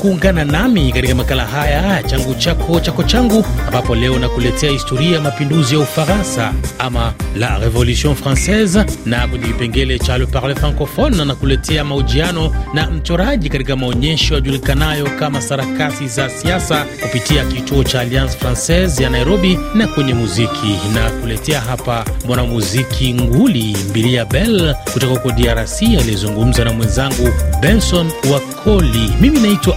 kuungana nami katika makala haya changu chako chako changu, ambapo leo nakuletea historia ya mapinduzi ya Ufaransa ama la revolution francaise, na kwenye kipengele cha le parle francophone nakuletea mahojiano na mchoraji katika maonyesho yajulikanayo kama sarakasi za siasa kupitia kituo cha Alliance Francaise ya Nairobi, na kwenye muziki nakuletea hapa mwanamuziki nguli Mbilia Bel kutoka huko DRC aliyezungumza na mwenzangu Benson Wakoli. Mimi naitwa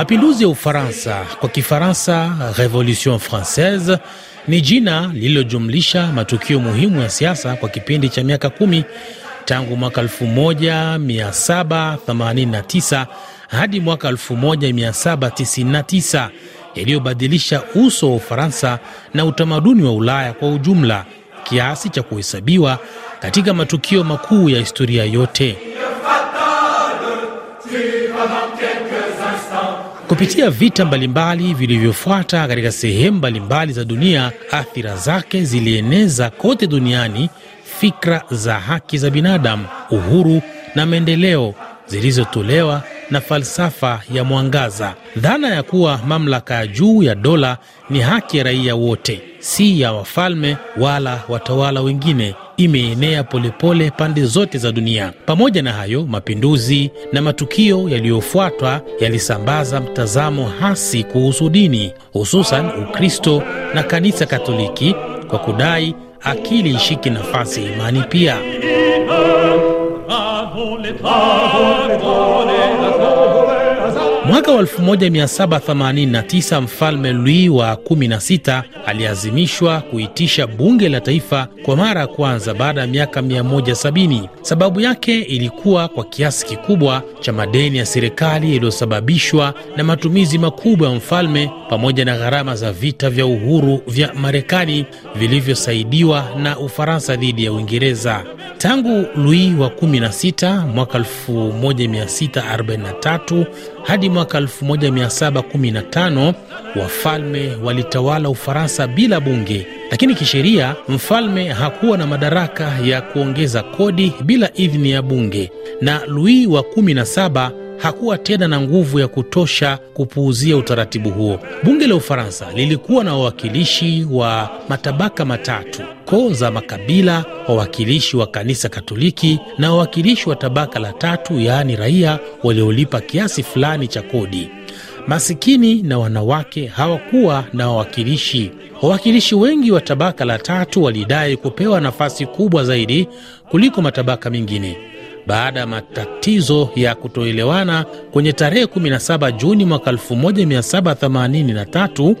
Mapinduzi ya Ufaransa, kwa Kifaransa Revolution Francaise, ni jina lililojumlisha matukio muhimu ya siasa kwa kipindi cha miaka kumi tangu mwaka 1789 hadi mwaka 1799 yaliyobadilisha uso wa Ufaransa na utamaduni wa Ulaya kwa ujumla kiasi cha kuhesabiwa katika matukio makuu ya historia yote. Kupitia vita mbalimbali vilivyofuata katika sehemu mbalimbali za dunia, athira zake zilieneza kote duniani fikra za haki za binadamu, uhuru na maendeleo zilizotolewa na falsafa ya mwangaza, dhana ya kuwa mamlaka ya juu ya dola ni haki ya raia wote, si ya wafalme wala watawala wengine, imeenea polepole pande zote za dunia. Pamoja na hayo, mapinduzi na matukio yaliyofuatwa yalisambaza mtazamo hasi kuhusu dini, hususan Ukristo na kanisa Katoliki kwa kudai akili ishiki nafasi imani pia. Mwaka wa 1789 mfalme Louis wa 16 aliazimishwa kuitisha bunge la taifa kwa mara ya kwanza baada ya miaka 170. Sababu yake ilikuwa kwa kiasi kikubwa cha madeni ya serikali yaliyosababishwa na matumizi makubwa ya mfalme pamoja na gharama za vita vya uhuru vya Marekani vilivyosaidiwa na Ufaransa dhidi ya Uingereza. Tangu Louis wa 16 mwaka 1643 hadi mwaka 1715 wafalme walitawala Ufaransa bila bunge, lakini kisheria mfalme hakuwa na madaraka ya kuongeza kodi bila idhini ya bunge, na Louis wa 17 hakuwa tena na nguvu ya kutosha kupuuzia utaratibu huo. Bunge la Ufaransa lilikuwa na wawakilishi wa matabaka matatu, koo za makabila, wawakilishi wa kanisa Katoliki na wawakilishi wa tabaka la tatu, yaani raia waliolipa kiasi fulani cha kodi. Masikini na wanawake hawakuwa na wawakilishi. Wawakilishi wengi wa tabaka la tatu walidai kupewa nafasi kubwa zaidi kuliko matabaka mengine baada ya matatizo ya kutoelewana kwenye tarehe 17 Juni mwaka 1783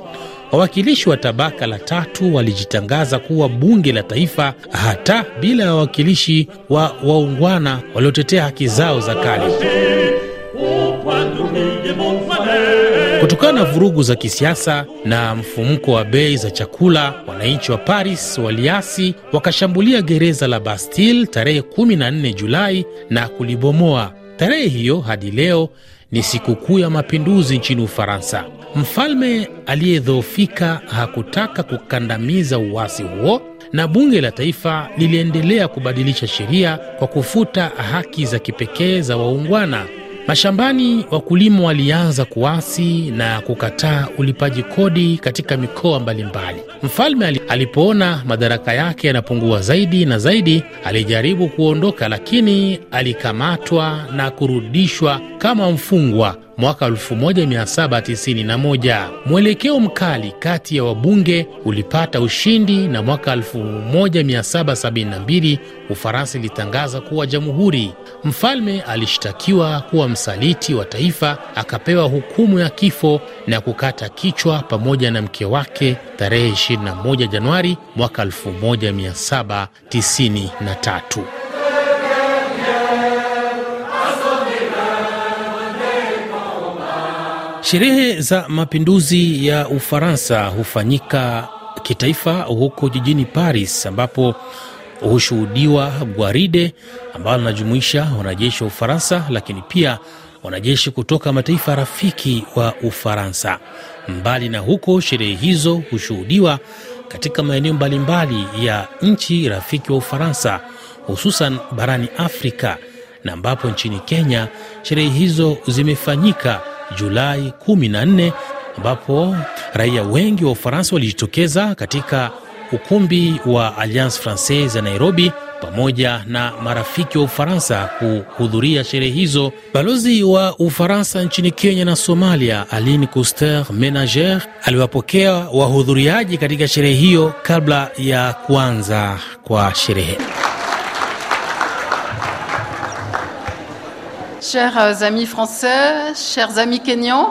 wawakilishi wa tabaka la tatu walijitangaza kuwa bunge la taifa hata bila ya wawakilishi wa waungwana waliotetea haki zao za kale. Kutokana na vurugu za kisiasa na mfumuko wa bei za chakula, wananchi wa Paris waliasi wakashambulia gereza la Bastille tarehe 14 Julai na kulibomoa. Tarehe hiyo hadi leo ni sikukuu ya mapinduzi nchini Ufaransa. Mfalme aliyedhoofika hakutaka kukandamiza uasi huo, na bunge la taifa liliendelea kubadilisha sheria kwa kufuta haki za kipekee za waungwana Mashambani wakulima walianza kuasi na kukataa ulipaji kodi katika mikoa mbalimbali. Mfalme alipoona madaraka yake yanapungua zaidi na zaidi, alijaribu kuondoka, lakini alikamatwa na kurudishwa kama mfungwa mwaka 1791. Mwelekeo mkali kati ya wabunge ulipata ushindi, na mwaka 1772 Ufaransa ilitangaza kuwa jamhuri. Mfalme alishtakiwa kuwa msaliti wa taifa, akapewa hukumu ya kifo na kukata kichwa pamoja na mke wake tarehe 21 Januari mwaka 1793. Sherehe za mapinduzi ya Ufaransa hufanyika kitaifa huko jijini Paris, ambapo hushuhudiwa gwaride ambalo linajumuisha wanajeshi wa Ufaransa, lakini pia wanajeshi kutoka mataifa rafiki wa Ufaransa. Mbali na huko, sherehe hizo hushuhudiwa katika maeneo mbalimbali ya nchi rafiki wa Ufaransa, hususan barani Afrika na ambapo nchini Kenya sherehe hizo zimefanyika Julai 14 ambapo raia wengi wa Ufaransa walijitokeza katika ukumbi wa Alliance Francaise ya Nairobi pamoja na marafiki wa Ufaransa kuhudhuria sherehe hizo. Balozi wa Ufaransa nchini Kenya na Somalia, Aline Couster Menager, aliwapokea wahudhuriaji katika sherehe hiyo kabla ya kuanza kwa sherehe. Chers euh, amis français, chers amis kenyans,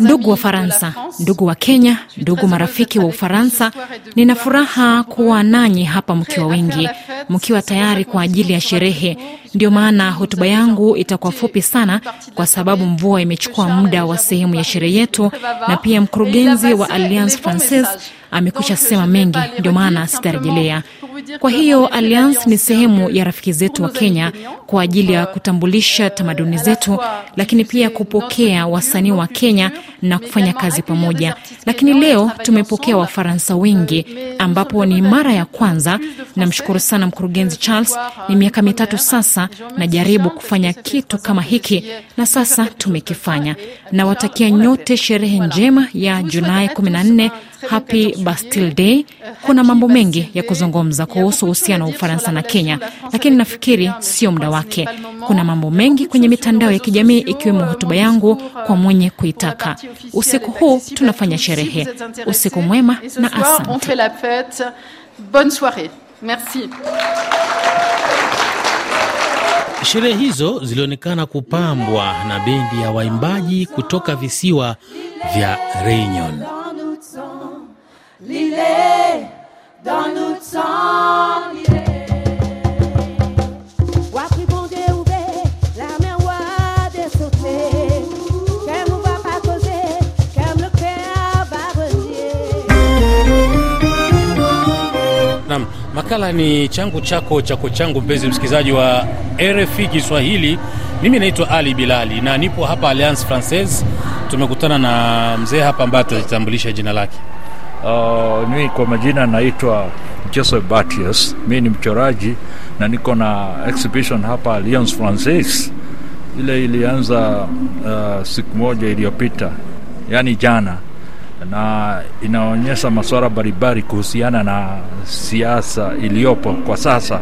Ndugu wa Faransa, ndugu wa Kenya, ndugu marafiki wa Ufaransa, nina furaha kuwa nanyi hapa mkiwa wengi, mkiwa tayari kwa ajili ya sherehe. ndio maana hotuba yangu itakuwa fupi sana, kwa sababu mvua imechukua muda wa sehemu ya sherehe yetu, na pia mkurugenzi wa Alliance Francaise amekwisha sema mengi, ndio maana sitarejelea. Kwa hiyo Alliance ni sehemu ya rafiki zetu wa Kenya kwa ajili ya kutambulisha tamaduni zetu, lakini pia kupokea wasanii wa Kenya na kufanya kazi pamoja. Lakini leo tumepokea Wafaransa wengi, ambapo ni mara ya kwanza. Namshukuru sana mkurugenzi Charles. Ni miaka mitatu sasa najaribu kufanya kitu kama hiki na sasa tumekifanya. Nawatakia nyote sherehe njema ya Julai 14. Happy Bastille Day. Kuna mambo mengi ya kuzungumza kuhusu uhusiano wa Ufaransa na Kenya, lakini nafikiri sio muda wake wake. Kuna mambo mengi kwenye mitandao ya kijamii ikiwemo hotuba yangu kwa mwenye kuitaka. Usiku huu tunafanya sherehe. Usiku mwema na asante. Sherehe hizo zilionekana kupambwa na bendi ya waimbaji kutoka visiwa vya Reunion. Makala ni changu chako chako changu, mpenzi msikilizaji wa RFI Kiswahili. Mimi naitwa Ali Bilali na nipo hapa Alliance Francaise. Tumekutana na mzee hapa ambaye atajitambulisha jina lake. Uh, kwa majina naitwa joseph Batius, mi ni mchoraji na niko na exhibition hapa Alliance Francaise. Ile ilianza uh, siku moja iliyopita, yaani jana na inaonyesha masuala mbalimbali kuhusiana na siasa iliyopo kwa sasa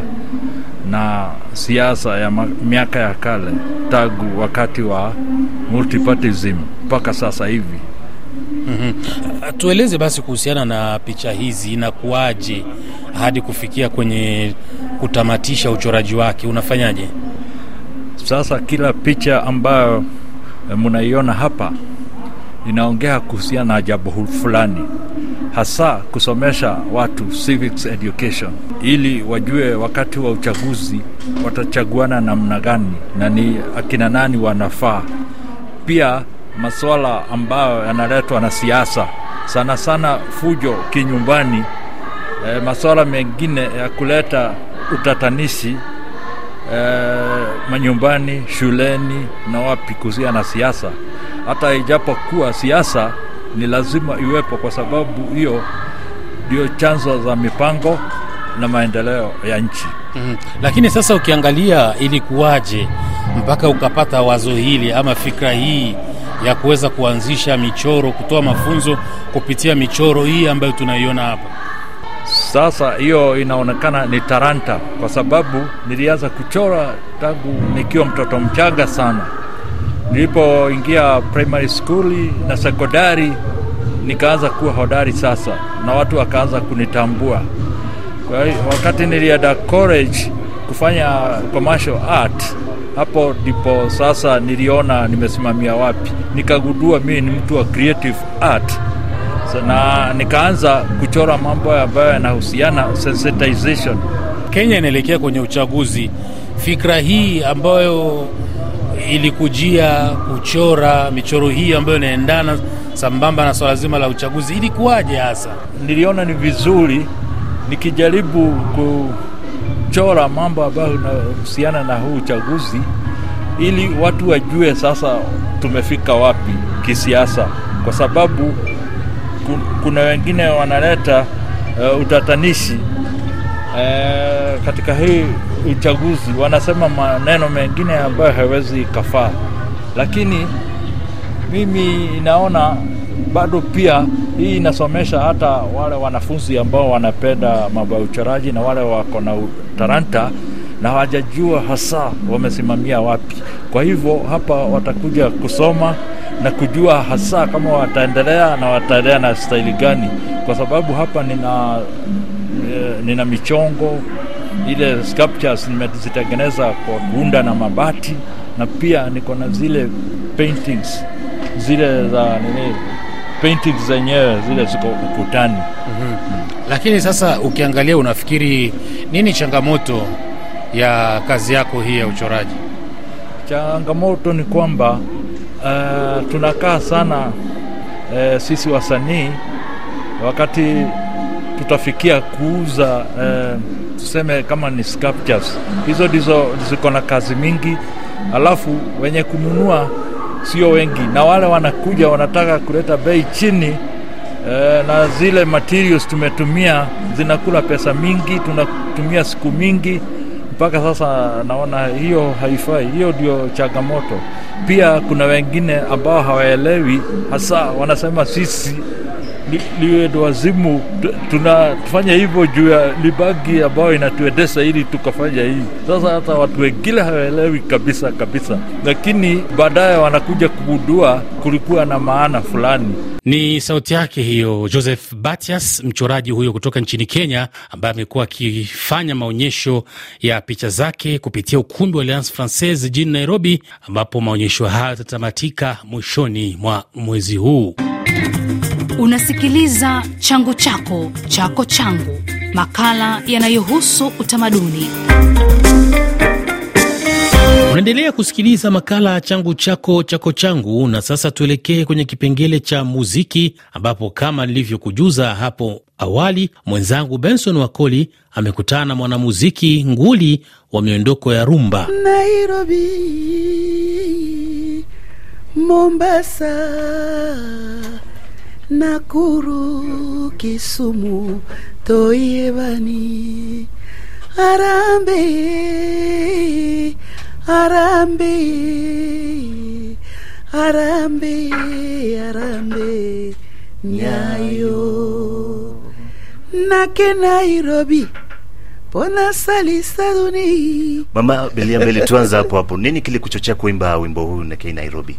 na siasa ya miaka ya kale tangu wakati wa multipartyism mpaka sasa hivi. Mm-hmm. Tueleze basi kuhusiana na picha hizi, inakuwaje hadi kufikia kwenye kutamatisha uchoraji wake, unafanyaje? Sasa kila picha ambayo eh, mnaiona hapa inaongea kuhusiana na jambo fulani, hasa kusomesha watu civics education, ili wajue wakati wa uchaguzi watachaguana namna gani na ni akina nani wanafaa. Pia masuala ambayo yanaletwa na siasa, sana sana fujo kinyumbani, e, eh, masuala mengine ya kuleta utatanishi e, manyumbani, shuleni na wapi kuhusiana na siasa hata ijapokuwa siasa ni lazima iwepo, kwa sababu hiyo ndio chanzo za mipango na maendeleo ya nchi. Mm-hmm. Lakini sasa ukiangalia ilikuwaje mpaka ukapata wazo hili ama fikra hii ya kuweza kuanzisha michoro, kutoa mafunzo kupitia michoro hii ambayo tunaiona hapa? Sasa hiyo inaonekana ni taranta, kwa sababu nilianza kuchora tangu nikiwa mtoto mchanga sana Nilipoingia primary school na sekondari, nikaanza kuwa hodari sasa, na watu wakaanza kunitambua. Kwa hiyo wakati nilienda college kufanya commercial art, hapo ndipo sasa niliona nimesimamia wapi. nikagudua mimi ni mtu wa creative art na nikaanza kuchora mambo ambayo yanahusiana sensitization. Kenya inaelekea kwenye uchaguzi, fikra hii ambayo ilikujia kuchora michoro hii ambayo inaendana sambamba na swala zima la uchaguzi, ilikuwaje hasa? Niliona ni vizuri nikijaribu kuchora mambo ambayo inahusiana na huu uchaguzi, ili watu wajue sasa tumefika wapi kisiasa, kwa sababu kuna wengine wanaleta uh, utatanishi uh, katika hii uchaguzi wanasema maneno mengine ambayo hawezi kafaa, lakini mimi naona bado pia hii inasomesha hata wale wanafunzi ambao wanapenda mambo ya uchoraji na wale wako na talanta na hawajajua hasa wamesimamia wapi. Kwa hivyo hapa watakuja kusoma na kujua hasa kama wataendelea na wataendelea na staili gani, kwa sababu hapa nina, eh, nina michongo ile sculptures nimetengeneza kwa gunda na mabati, na pia niko na zile paintings zile za nini paintings zenyewe zile ziko ukutani. mm-hmm. mm. Lakini sasa ukiangalia, unafikiri nini changamoto ya kazi yako hii ya uchoraji? Changamoto ni kwamba uh, tunakaa sana uh, sisi wasanii wakati tutafikia kuuza eh, tuseme kama ni sculptures. Hizo ndizo ziko na kazi mingi, alafu wenye kununua sio wengi, na wale wanakuja wanataka kuleta bei chini eh, na zile materials tumetumia zinakula pesa mingi, tunatumia siku mingi mpaka sasa naona hiyo haifai. Hiyo ndio changamoto. Pia kuna wengine ambao hawaelewi, hasa wanasema sisi liwe ndo wazimu. Tunafanya hivyo juu ya libagi ambayo inatuendesha ili tukafanya hii. Sasa hata watu wengine hawaelewi kabisa kabisa, lakini baadaye wanakuja kugundua kulikuwa na maana fulani. Ni sauti yake hiyo, Joseph Batias, mchoraji huyo kutoka nchini Kenya, ambaye amekuwa akifanya maonyesho ya picha zake kupitia ukumbi wa Alliance Francaise jijini Nairobi, ambapo maonyesho hayo yatatamatika mwishoni mwa mwezi huu. Unasikiliza Changu Chako Chako Changu, makala yanayohusu utamaduni. Unaendelea kusikiliza makala Changu Chako Chako Changu, na sasa tuelekee kwenye kipengele cha muziki, ambapo kama nilivyokujuza hapo awali, mwenzangu Benson Wakoli amekutana na mwanamuziki nguli wa miondoko ya rumba Nairobi, Mombasa Nakuru, Kisumu, Toyebani, Arambe, Arambe, Arambe, Arambe, Nyayo. Nake Nairobi pona sali saduni Mama Belia Mbele, tuanza hapo hapo. Nini kilikuchochea kuimba wimbo huu Nake Nairobi?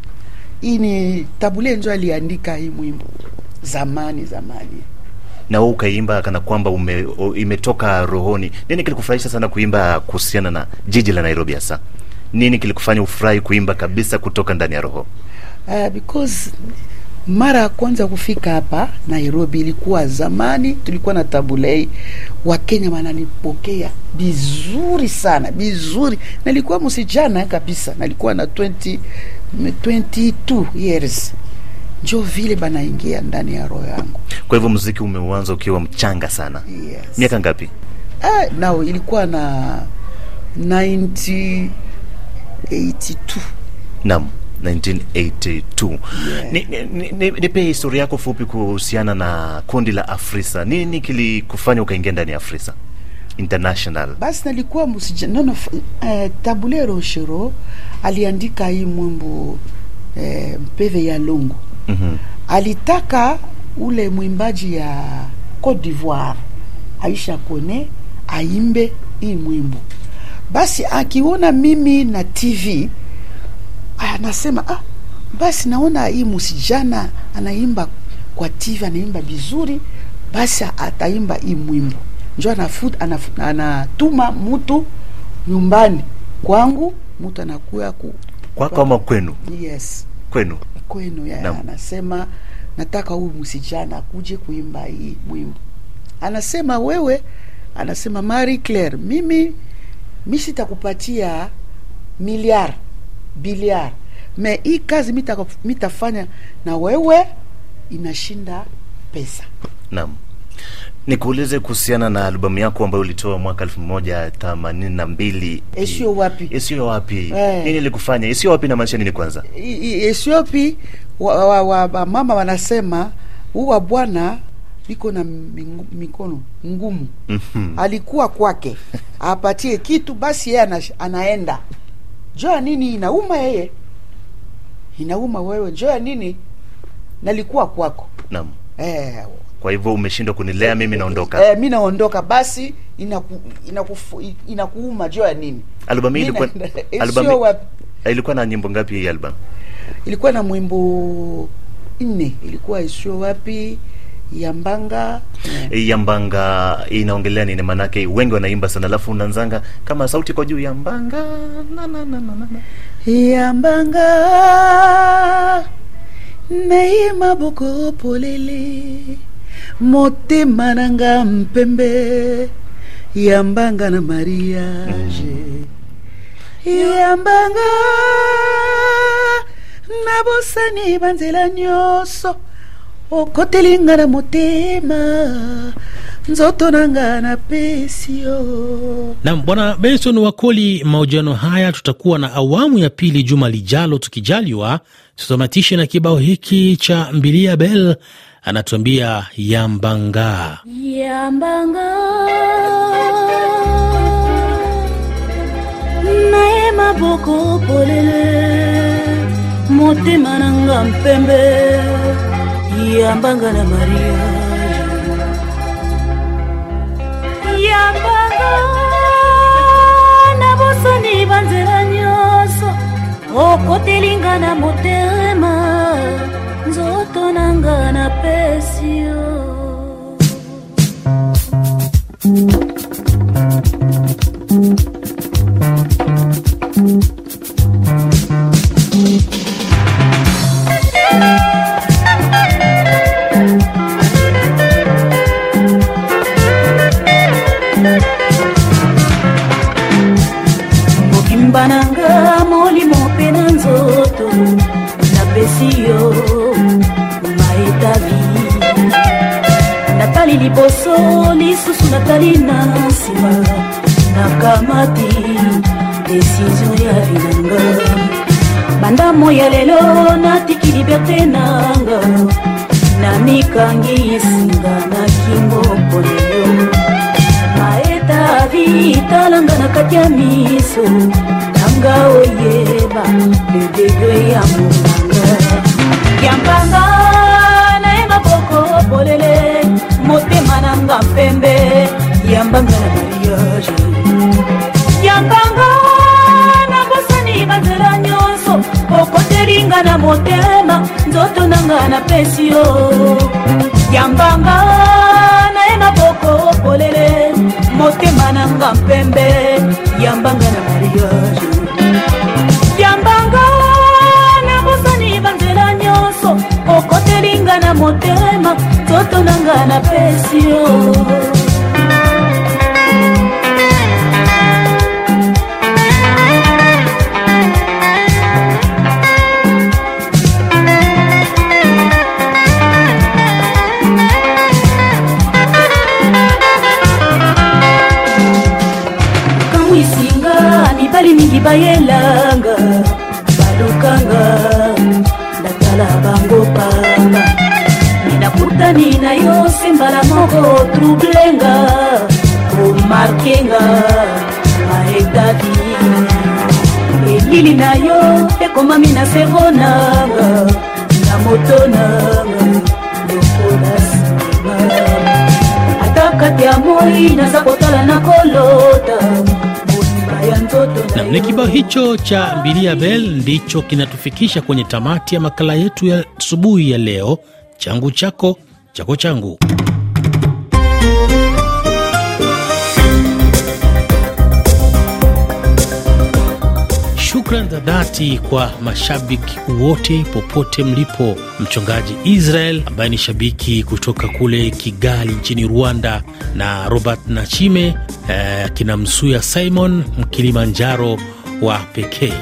Ini Tabule njo aliandika hii mwimbo zamani zamani na wewe ukaimba kana kwamba ume, o, imetoka rohoni. Nini kilikufurahisha sana kuimba kuhusiana na jiji la Nairobi hasa? Nini kilikufanya ufurahi kuimba kabisa kutoka ndani ya roho? Uh, because mara ya kwanza kufika hapa Nairobi ilikuwa zamani, tulikuwa na tabulei. Wakenya wananipokea vizuri sana vizuri. Nilikuwa msichana kabisa, nilikuwa na 20, 22 years njo vile banaingia ndani ya roho yangu. Kwa hivyo muziki umeuanza ukiwa mchanga sana. Yes. miaka ngapi? Ah, eh, nao ilikuwa na 1982 naam 1982. Nipe ni, ni, ni historia yako fupi kuhusiana na kundi la Afrisa. Nini kilikufanya ukaingia ndani ya Afrisa International? Basi nalikuwa msijana eh, Tabulero Shero aliandika hii mwimbo eh, mpeve ya longo mm -hmm. alitaka ule mwimbaji ya Cote d'Ivoire Aisha Kone aimbe hii mwimbo. Basi akiona mimi na TV anasema ah, basi naona hii msijana anaimba kwa TV anaimba vizuri, basi ataimba hii mwimbo. Njo anafut, anafut, anatuma mtu nyumbani kwangu, mtu anakuya ku kwa kama kwenu. Yes, kwenu kwenu ya, Anasema nataka huyu msichana akuje kuimba hii mwimbo. Anasema wewe, anasema Marie Claire, mimi mi sitakupatia miliar biliar, me hii kazi mitafanya mita na wewe inashinda pesa. Naam. Nikuulize kuhusiana na albamu yako ambayo ulitoa mwaka elfu moja themanini na mbili Esio wapi? Esio wapi? Eh. Nini likufanya? Esio wapi inamaanisha nini kwanza? wapi? wa, wa, wa, wa mama wanasema huwa bwana iko na mikono ngumu. mm -hmm. Alikuwa kwake apatie kitu basi, yeye ana, anaenda joa nini inauma yeye inauma wewe joa nini nalikuwa kwako. Naam. Eh, kwa hivyo umeshindwa kunilea mimi naondoka. Eh, mimi naondoka basi inakuuma jua ya nini? Albamu hii ilikuwa eh, albamu eh, ilikuwa na nyimbo ngapi hii album Ilikuwa na mwimbo nne, ilikuwa isio wapi Yambanga yeah. Eh, yambanga inaongelea nini? Manake wengi wanaimba sana, alafu unanzanga kama sauti kwa juu yambanga na, na, na, na, na. Yambanga meima buko polele motema nanga mpembe yambanga na mariage mm. yambanga na nabosani banzela nyonso okoteli nga na motema nzoto nanga napesi yo nam bwana benson wakoli mahojiano haya tutakuwa na awamu ya pili juma lijalo tukijaliwa tutamatishe na kibao hiki cha mbilia bel anatuambia yambanga, yambanga naye maboko polele motema nanga mpembe yambanga na maria yambanga na bosani banzela nyonso okotelinga na motema nanga na pesio te nanga namikangi esinga na kingo polelo maetavi talanga na kati ya miso nanga oyeba le degre ya monanga yambanga na ye maboko polele motema nanga pembe yambanga na mariage yambanga na bosani banzelanya okoteringa na motema nzoto nanga napesi yo yambanga naye maboko polele motema nanga mpembe yambanga na mariage yambanga na bosani banzela nyonso okotelinga na motema nzoto nanga napesi yo tani na yo sembala moko trublenga komarkenga aetaki elili na yo ekomami na servo na moto nanga lokola nsima ata kati ya moi naza kotala na kolota Nam, ni kibao hicho cha Mbilia Bel ndicho kinatufikisha kwenye tamati ya makala yetu ya asubuhi ya leo, changu chako chako changu. Shukran za dhati kwa mashabiki wote popote mlipo. Mchungaji Israel ambaye ni shabiki kutoka kule Kigali nchini Rwanda, na Robert Nachime eh, kina Msuya Simon Mkilimanjaro wa pekee.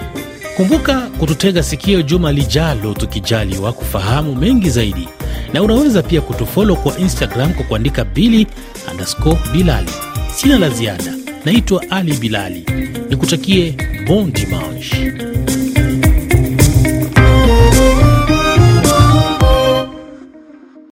Kumbuka kututega sikio juma lijalo, tukijaliwa kufahamu mengi zaidi na unaweza pia kutufolo kwa Instagram kwa kuandika bili andasco bilali. Sina la ziada, naitwa Ali Bilali, nikutakie bon dimanche.